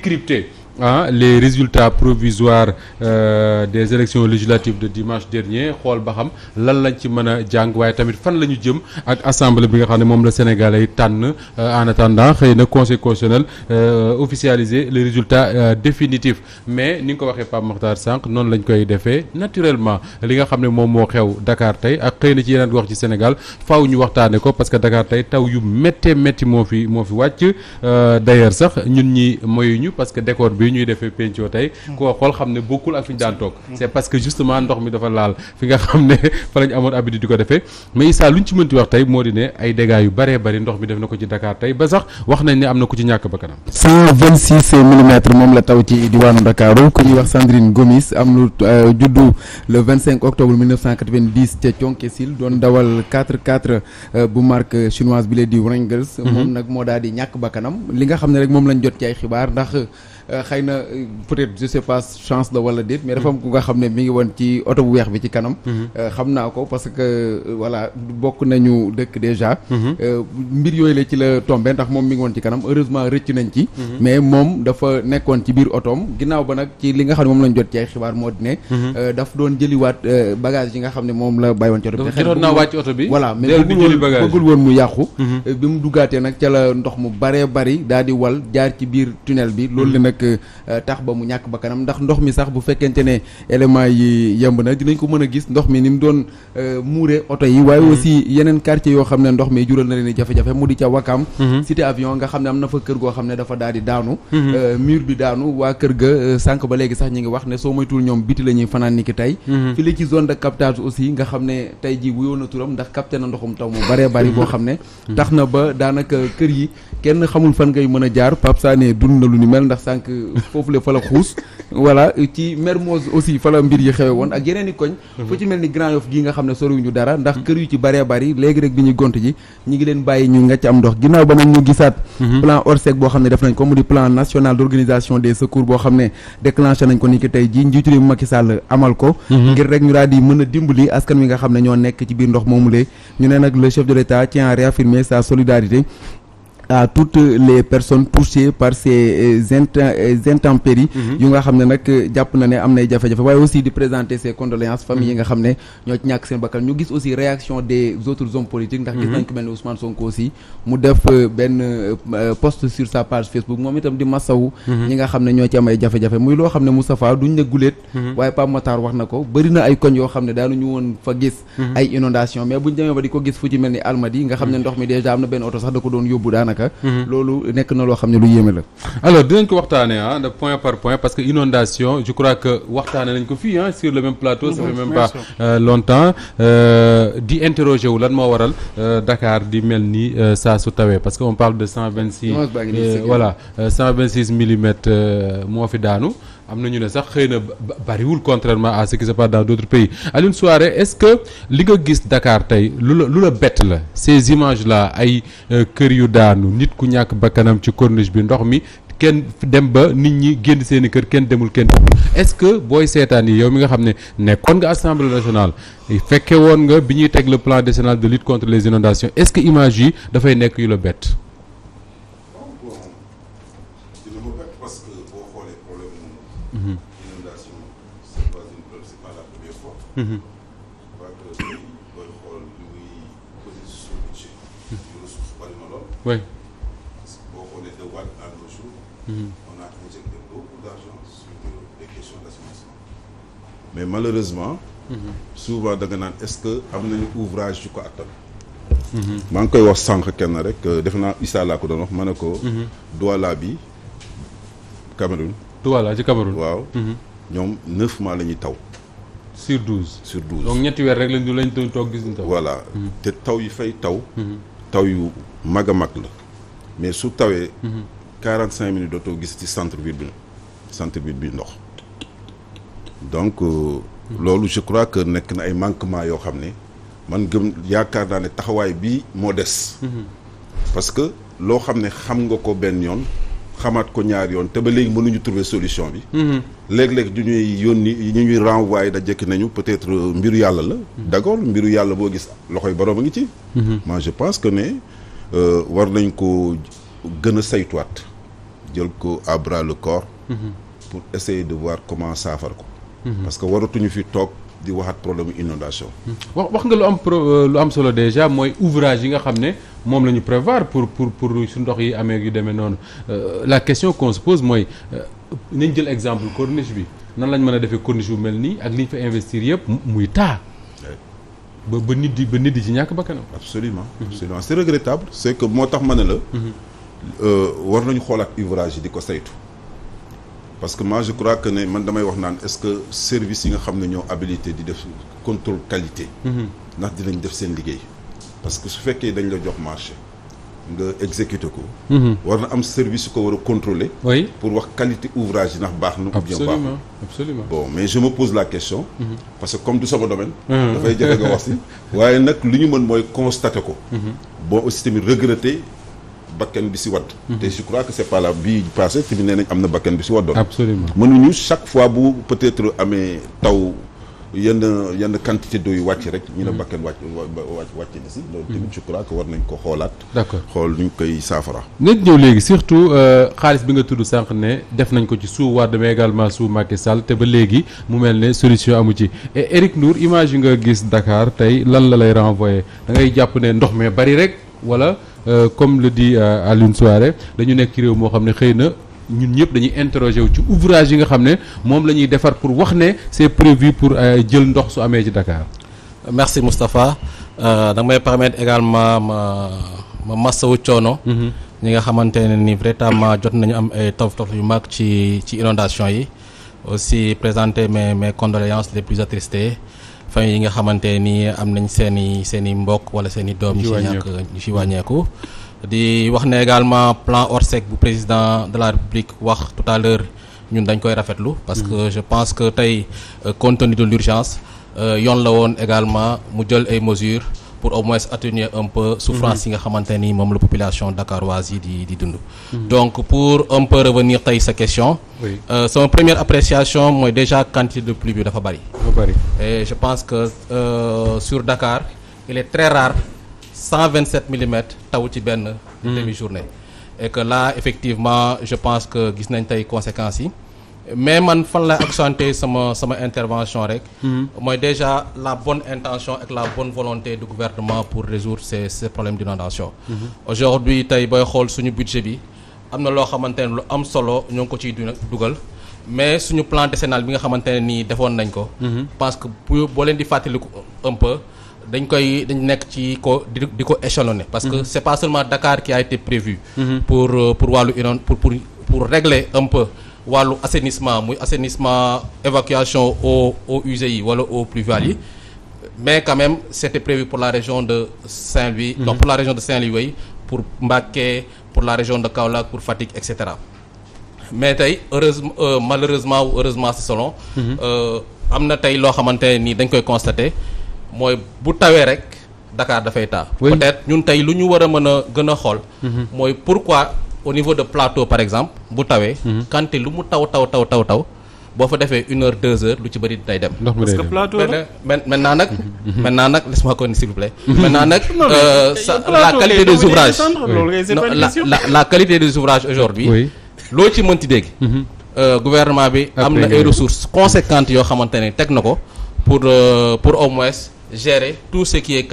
décrypter ah les résultat provisoires euh, des élections législatives de dimanche dernier xool ba xam lan lañ ci mën a jàng waaye tamit fan la ñu jëm ak assemblée bi nga xam ne moom la Sénégalais tànn euh, en attendant xëy na conseil constitutionnel euh, officialiser les résultats euh, définitifs mais ni nga ko waxee Pape Makhtar Sànq noonu lañ koy defee naturellement li nga xam ne moom moo xew dakaar tey ak xëy na ci yeneen gox ci Sénégal faw ñu waxtaane ko parce que Dakar tey taw yu méttee métti moo fi moo fi wàcc d'ailleurs sax ñun ñi moyuñu parce que bi bi ñuy defee penco tey ku ko xool xam ne bokkul ak fi ñu daan toog c'est parce que justement ndox mi dafa laal fi nga xam ne fa lañ amoon habitude di ko defee mais Issa lu ñu ci mënti wax tey moo di ne ay dégâts yu bëree bëri ndox mi def na ko ci Dakar tey ba sax wax nañ ne am na ku ci ñàkk ba kanam moom la taw ci diwaanu Ndakaaru ku ñuy wax Sandrine Gomis am lu euh, juddu le vingt ca Thionkesil doon dawal 4-4 euh, bu marque chinoise bi di Wrangler mm-hmm. li nga xam ne rek moom lañ jot ci ay xibaar Euh, xëy na euh, peut-être je chance la wala déet mais dafa am ku nga xam ne mi ngi woon ci oto bu weex bi ci kanam mhm. euh, xam naa ko parce que voilà bokk nañu dëkk déjà mhm. mbir yooyu la ci la tombé ndax moom mi ngi woon ci kanam heureusement rëcc nañ ci mhm. mais moom dafa nekkoon ci biir otoom ginnaaw ba nag ci li nga xam ne moom lañ jot ci ay xibaar yi nga xam la bàyyi woon ci oto bi jotoon naa wàcc oto bi voilà mais bëggul woon mu yàqu bi mu duggaatee nag ca la ndox mu baree bari daal di wal jaar ci biir tunnel bi loolu la nekk euh, tax ba mu ñàkk ba kanam ndax ndox mi sax bu fekkente ne élément yi yemb na dinañ ko mën a gis ndox mi ni mu doon euh, muure oto yi waaye mhm. aussi yeneen quartier yoo xam ne ndox mi jural na leen jafe-jafe mu di ca Wakam mhm. cité avion nga xam ne am na fa kër goo xam ne dafa daal di daanu mhm. euh, mur bi daanu waa kër ga daanaka kër yi kenn xamul fan ngay mën a jaar Pape dund na lu ni mel ndax sànq sànq foofu la fa la xuus voilà ci Mermoz aussi fa la mbir yi xewe woon ak yeneen i koñ mhm. fu ci mel ni Grand Yoff gii nga xam ne soriwuñu dara ndax kër yu ci bëree léegi rek bi ñuy gont ji ñi ngi leen bàyyi ñu nga ci am ndox ginnaaw ba nag ñu gisaat mhm. plan ORSEC boo xam ne def nañ ko mu di plan national d'organisation des secours boo xam ne déclenché nañ ko ni ki tey ji njiitu réew Macky Sall amal ko mhm. ngir rek ñu daal di mën a dimbali askan wi nga xam ne à toutes les personnes touchées par ces euh, euh, intempéries mhm. yu nga xam ne nag euh, jàpp na ne am nay jafe-jafe waaye aussi di présenter ses condoléances famille yi mhm. nga xam ne ñoo ci ñàkk jafe-jafe muy loo xam ne Moustapha duñ ne guléet mhm. waaye Pape Matar wax na ko bëri ay koñ yoo xam ne daanuñu woon fa gis ay inondation mais buñ demee ba di ko gis fu ci mel ni Almadi nga xam ne ndox mi déjà am na benn oto sax da ko doon yóbbu daanaka daanaka. Mhm. loolu nekk na loo xam ne lu yéeme la. alors dinañ ko waxtaanee ah de point par point parce que inondation je crois que waxtaanee nañ ko fii ah sur le même plateau. ça mhm, fait même pas euh, longtemps euh, di interroger wu lan moo waral euh, Dakar di mel ni saa su tawee parce que on parle de cent vingt six. voilà cent vingt six millimètres moo fi daanu. am na ñu ne sax xëy na bariwul contrairement à ce qui se passe dans d' autres pays Alioune Souaré est ce que li nga gis dakaar tey lu la lu la bett la ces images là ay euh, kër yu daanu nit ku ñàkk bakkanam ci corniche bi ndox mi kenn dem ba nit ñi génn seen i kër kenn demul kenn est ce que booy seetaan yi yow mi nga xam ne nekkoon nga assemblée nationale fekke woon nga bi ñuy teg le plan décennal de lutte contre les inondations est ce que image yi dafay nekk yu la bett. boo xoolee de Wade à mais malheureusement souvent da naan est-ce que am nañu ouvrage yu ko attan maa ngi koy wax sànq kenn rek euh, def naa Issa laa ko doon wax ma ne ko mhm. Douala bi Cameroun Douala ci Cameroun waaw mhm. ñoom neuf mois la taw sur douze. sur douze donc rek lañ du lañ doon toog gis ñu voilà hmm. te taw yi fay taw. Hmm. taw yu mag a mag la mais su tawee. Hmm. quarante cinq minutes dootoo gis ci centre ville bi centre ville bi ndox donc. Euh, loolu je crois que nekk na ay manquement yoo xam ne man gëm yaakaar naa ne taxawaay bi moo des. parce que loo xam ne xam nga ko benn yoon. xamaat ko ñaar yoon te ba léegi mënuñu trouver solution bi. Mhm. léeg-léeg ñu ñuy yónni ñu ñuy renvoyer da jëkk nañu peut-être euh, mbiru yàlla la. Mhm. d'accord mbiru yàlla boo gis loxoy boroom a ngi ci. Mhm. moi je pense que ne euh, war nañ ko gën a saytuwaat jël ko à bras le corps. pour essayer de voir comment saafara ko. parce que waratuñu fi toog. di wax waxaat problème inondation wax wax nga lu am euh, lu am solo déjà mooy ouvrage yi nga xam ne moom la ñu prévoir pour pour pour su ndox yi amee yu demee noonu euh, la question qu'on mooy euh, nañ jël exemple corniche bi nan lañ mën a defee corniche bu mel nii ak li ñu fa investir yëpp muy taa ba ba nit di ba nit di ci ñàkk bakkanam absolument mhm. absolument c'est regrettable c'est que moo tax ma ne la mhm. war nañu xoolaat ouvrage yi di ko saytu parce que moi je crois que ne man damay wax naan est service yi nga xam ne ñoo habilité di def contrôle qualité. Mhm. ndax dinañ def seen liggéey. parce que su fekkee dañ la jox marché nga exécuté ko. Mhm. war na am service yu ko war a contrôler. pour wax qualité ouvrage yi ndax baax na. ou bien baaxul absolument bon mais je me pose la question. Mhm. parce que comme du sama domaine. dafay jafe nga wax si waaye nag lu ñu mën mooy constater ko. boo aussi tamit regretter. bakken bi si wadd te je crois que c'est pas la bii fi tamit nee nañ am na bakkan bi si waddoon absolument mënuñu chaque fois bu peut-être amee taw yenn yenn quantité d'eau yu wàcc rek ñu ne mm. bakkan wàcc wàcc wàcc na si loolu tamit mm. je crois que war nañ ko xoolaat d'accord xool ñu koy saafara net ñëw léegi surtout euh, xaalis bi nga tudd sànq ne def nañ ko ci sous Wade mais également sous Macky te ba léegi mu mel ne solution amu ci et Eric Ndour image yi nga gis Dakar tey lan la lay renvoyer da ngay jàpp ne ndox mi bari rek wala Euh, comme le di euh, Alioune Souaré dañu nekk réew moo xam ne xëy na ñun ñëpp dañuy interroger wu ci ouvrage yi nga xam ne moom lañuy defar pour wax ne c'est prévu pour euh, jël ndox su amee ci Dakar. merci Moustapha da may permettre également ma ma masawu coono. Mhm. ñi nga xamante ne ni vraiment jot nañu am ay tof tof yu mag ci ci inondation yi aussi présenter mes mes condoléances les plus attristées. famille yi nga xamante ni am nañ seen i seen i mbokk wala seen i doom ñu si ñàkk wàññeeku di wax ne également plan Orsec bu président de la République wax tout à ñun dañ koy rafetlu parce que mm-hmm. je pense que tey euh, compte tenu de l'urgence euh, yoon la woon également mu jël ay mesures pour au moins atténuer un peu souffrance mhm. yi nga xamante ni moom la population dakaroise yi di di dund mhm. donc pour un peu revenir tey sa question euh, son première appréciation mooy déjà quantité de pluie bi dafa bari et je pense que euh, sur Dakar il est très rare 127 millimètres taw ci benn mhm. demi-journée et que là effectivement je pense que gis nañ tey conséquences yi mais man fan la accentuer sama sama intervention rek. Hmm. mooy déjà la bonne intention ak la bonne volonté du gouvernement pour résoudre ces ces problèmes d'inondation. Hmm. aujourd'hui tey booy xool suñu budget bi am na loo xamante ne lu am solo ñoo ngi ko ciy dugal. mais suñu plan décennal bi nga xamante ne nii defoon nañ ko. Hmm. parce que bu boo leen di fàttaliku un peu dañ koy dañ nekk ci ko di ko échelonner. parce c'est pas seulement Dakar qui a été prévu. pour euh, pour wàllu inon pour pour régler un wàllu assainissement muy assainissement évacuation au eaux usées yi wala au pluviales yi mais quand même c'était prévu pour la région de Saint-Louis donc mhm. pour la région de Saint-Louis way pour Mbacké pour la région de Kaolack pour Fatick etc mais tey heureusement euh, malheureusement ou heureusement c'est selon mhm. euh, am na tey loo xamante nii dañ koy constater mooy bu tawee rek Dakar dafay taa peut ñun tey lu ñu war a mën a gën a xool mhm. mooy pourquoi au niveau de plateau par exemple bu tawee. kante mhm. lu mu taw taw taw taw taw boo fa defee une heure deux heures lu ci bëri day dem. ndox que plateau la maintenant nag. Mhm. Mhm. maintenant nag laisse-moi continuer s'il vous plaît. maintenant nag euh, la qualité des ouvrages la la qualité des ouvrages aujourd'hui loo ci mënti dégg. Euh, guvernement bi am na ay ressources conséquentes yoo xamante ne teg na ko pour euh, pour au moins gérer tout ce qui est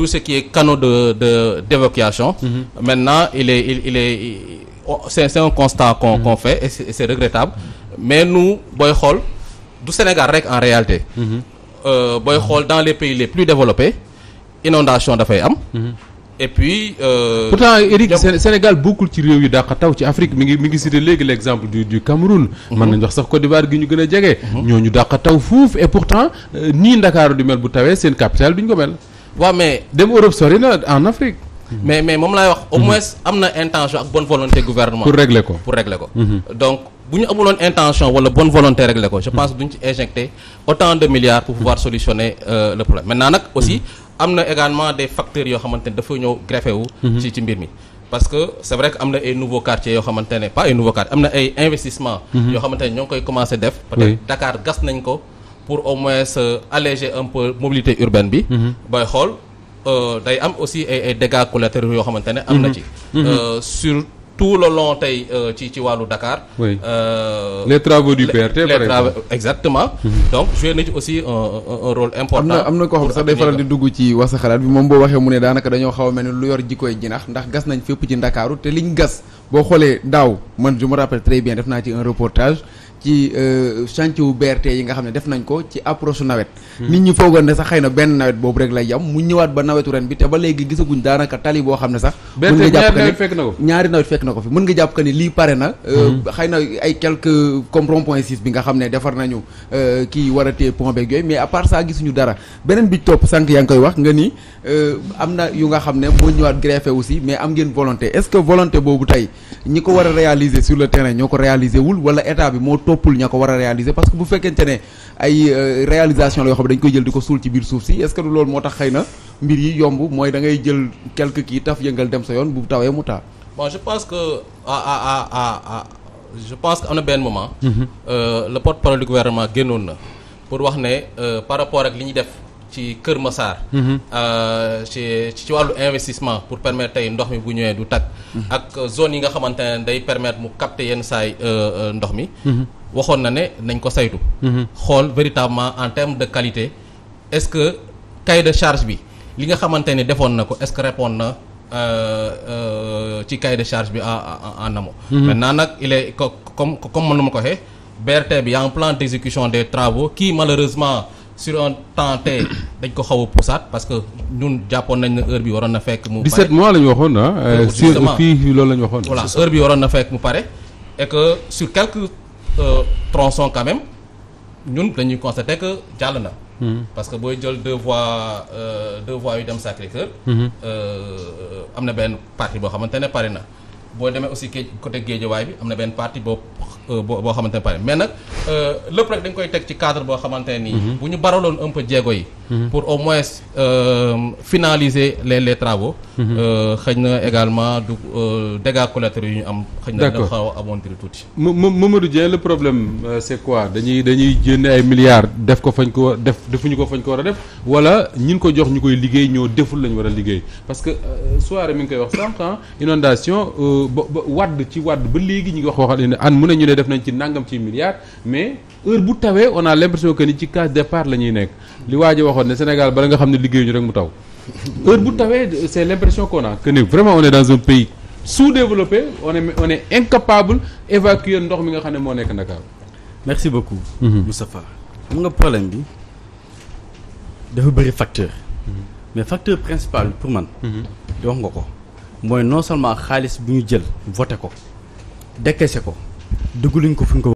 tout ce qui est canaux de de d'évacuation. Mm -hmm. maintenant il est il, il est c'est c'est un constat qu'on mm -hmm. qu'on et c'est, regrettable mais nous booy xool du Sénégal rek en réalité. Mhm. Euh, booy xool dans les pays les plus développés inondation dafay am. Mhm. et puis. Euh, pourtant Eric Sénégal bokkul ci réew yu dàq taw ci Afrique mi ngi mi ngi cité léegi l' du du Cameroun. Mhm. mën nañu wax sax Côte gi ñu gën a jege. ñooñu dàq taw fuuf et pourtant euh, nii Ndakaaru di mel bu tawee seen capitale duñ ko mel. waaw mais dem Europe sori na en Afrique. Hmm. mais mais moom laay wax. au hmm. moins am na intention ak bonne volonté gouvernement. pour régler ko pour régler ko. Hmm. donc bu ñu amuloon intention wala bonne volonté régler ko. je pense duñ ci injecter autant de milliards pour pouvoir solutionner euh, le problème maintenant nag aussi am na également de facteurs yoo xamante ne dafa ñëw greffé wu. ci ci mbir mi. parce que c'est vrai que am na ay nouveaux quartiers yoo xamante pas ay nouveaux quartiers investissement yoo xamante ne ñoo ngi koy commencer def. peut gas nañ ko. pour au moins alléger un peu mobilité urbaine bi. Mhm. booy xool euh, day am aussi ay ay dégâts yoo xamante am na mhm. ci mhm. Euh, sur. tout le long tey euh, ci ci wàllu Dakar. oui euh, les travaux du PRT les, par exemple exactement. Mm -hmm. donc joué na ci aussi un, un, un rôle important. am na am na koo xam sax day faral di dugg ci wax bi moom boo waxee mu ne daanaka dañoo xaw a mel ni lu yor jikkoy jinax ndax gas nañ fépp ci ndakaaru te liñ gas boo xoolee daaw man je me def naa ci un reportage. ci euh, chance wu BRT yi nga xam ne def nañ ko ci approche nawet. Hmm. nit ñi foogoon ne sax xëy na benn nawet boobu rek lay yam mu ñëwaat ba nawetu ren bi te ba léegi gisaguñ daanaka tali boo xam ne sax. mën nga jàpp fekk na ko ñaari nawet fekk na ko fi mën nga jàpp que ni lii pare na. Euh, hmm. xëy na ay quelques comme rond-point bi nga xam ne defar nañu euh, kii war a téye pont yooyu mais à part gisuñu dara beneen bi topp sànq yaa ngi koy wax nga ni am na yu nga xam ne moo ñëwaat greffé aussi mais am ngeen volonté est-ce que volonté boobu tey ñi ko war a réaliser sur ko réaliser wul wala état bi moo toppul ña ko war a réaliser parce que bu fekkente ne ay euh, réalisation la yoo xam ne dañ koy jël di ko suul ci biir suuf si est du loolu moo tax xëy na mbir yi yomb mooy da ngay jël quelque kii taf yëngal dem sa yoon bu tawee mu taa. bon je pense que ah ah, ah, ah, ah je pense que am na benn moment. Mhm. Euh, le porte-parole du gouvernement génnoon na ne euh, par rapport ak li ñu def. ci Kër Massar. Mhm. ci ci wàllu investissement pour permettre tey ndox mi bu ñëwee du tag mhm. ak zone yi nga xamante ne day permettre mu capter yenn saay ndox mi. waxoon na ne nañ ko saytu. Mhm. xool véritablement en terme de qualité est-ce que cahier de charge bi li nga xamante ne defoon na ko est-ce que répond na euh, euh, ci cahier de charge bi en amont. Mhm. maintenant nag il est comme comme mënu ma ko waxee BRT bi y a plan d'exécution des travaux ki malheureusement. sur un temps tey dañ ko xaw a poussaat parce que ñun jàppoon nañ ne heure bi waroon na fekk mu. pare la ñu waxoon ah. euh, loolu la ñu waxoon. voilà heure bi waroon na fekk mu pare. et que sur quelques Euh, tronçon quand même ñun dañuy constater que jàll na. Hmm. parce que booy jël deux voies euh, deux voies yu dem Sacré-Cœur. Hmm. Euh, am na benn partie boo xamante ne pare na. boo demee aussi géej Guédiawaye bi am na benn partie boo Euh, boo boo xamante ne pare mais nag euh, lépp rek dañ koy teg ci cadre boo xamante nii mm-hmm. bu ñu baraloon un peu jéego yi mm-hmm. pour au moins euh, finaliser les les travaux mm-hmm. xëy na également du dégâts collatéraux yu ñu am xëy na dina xaw a amontiri tuuti Mamadou Dieng le problème c'est quoi dañuy dañuy jënd ay milliards def ko fañ ko def defuñu ko fañ ko war a def wala ñin ko jox ñu koy liggéey ñoo deful lañ war a liggéey parce que soirée mi ngi koy wax sànq inondation ba def nañ ci nangam ci milliards mais heure bu tawee on a l'impression que ni ci case départ la ñuy nekk li waa ji waxoon ne Sénégal bala nga xam ne liggéeyuñu rek mu taw heure bu tawee c'est l'impression qu'on a que ni vraiment on est dans un pays sous-développé on incapable évacuer ndox mi nga xam ne moo nekk Ndakaaru merci beaucoup mhm. Moustapha xam nga problème bi dafa bëri facteur mhm. mais facteur principal mhm. pour man di wax ko mooy non seulement xaalis bu ñu jël voté ko ko duggaluñ ko fu ñu ko